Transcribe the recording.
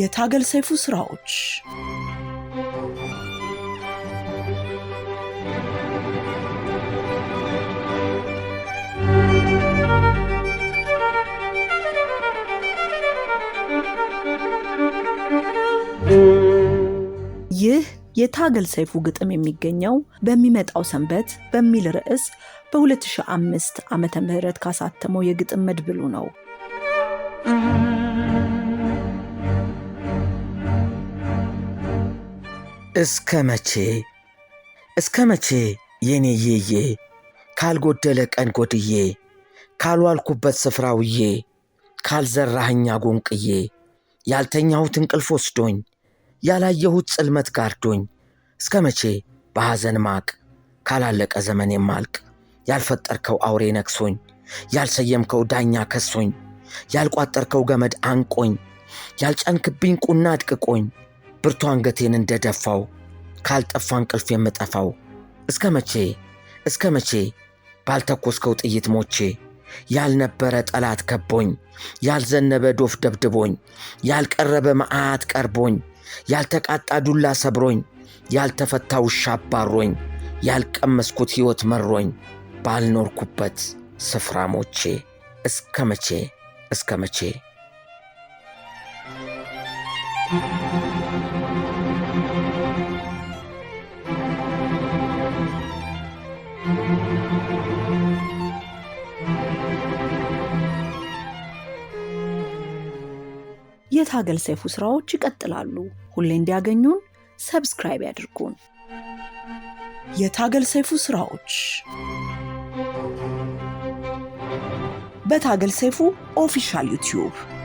የታገል ሰይፉ ስራዎች ይህ የታገል ሰይፉ ግጥም የሚገኘው በሚመጣው ሰንበት በሚል ርዕስ በ2005 ም ካሳተመው የግጥም መድብሉ ነው። እስከ መቼ እስከ መቼ የኔ ዬዬ ካልጎደለ ቀን ጎድዬ ካልዋልኩበት ስፍራ ውዬ ጎንቅዬ አጎንቅዬ ያልተኛሁት እንቅልፍ ወስዶኝ ያላየሁት ጽልመት ጋርዶኝ እስከ መቼ በሐዘን ማቅ ካላለቀ ዘመን የማልቅ ያልፈጠርከው አውሬ ነክሶኝ ያልሰየምከው ዳኛ ከሶኝ ያልቋጠርከው ገመድ አንቆኝ ያልጫንክብኝ ቁና አድቅቆኝ ብርቱ አንገቴን እንደደፋው ካልጠፋ እንቅልፍ የምጠፋው እስከ መቼ እስከ መቼ ባልተኮስከው ጥይት ሞቼ ያልነበረ ጠላት ከቦኝ ያልዘነበ ዶፍ ደብድቦኝ ያልቀረበ መዓት ቀርቦኝ ያልተቃጣ ዱላ ሰብሮኝ ያልተፈታ ውሻ አባሮኝ ያልቀመስኩት ሕይወት መሮኝ ባልኖርኩበት ስፍራ ሞቼ እስከ መቼ እስከ መቼ የታገል ሰይፉ ስራዎች ይቀጥላሉ። ሁሌ እንዲያገኙን ሰብስክራይብ ያድርጉን። የታገል ሰይፉ ስራዎች በታገል ሰይፉ ኦፊሻል ዩቲዩብ